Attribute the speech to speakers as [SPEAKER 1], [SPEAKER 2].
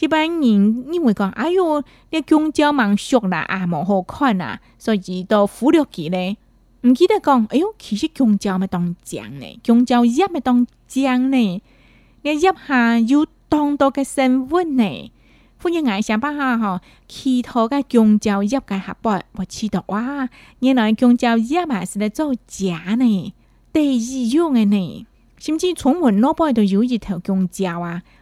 [SPEAKER 1] 一般人因為講，哎喲，你香蕉蠻熟啦，也蠻好看啦，所以都服了佮咧。唔記得講，哎喲，其實香蕉咪當漿咧，香蕉葉咪當漿咧。你葉下有當多個生物呢。忽然我想辦法吼，其他嘅香蕉葉嘅下擺，我記得話，原來香蕉葉嘛是來做茶呢，第二用嘅呢，甚至從物老伯都有一條香蕉啊。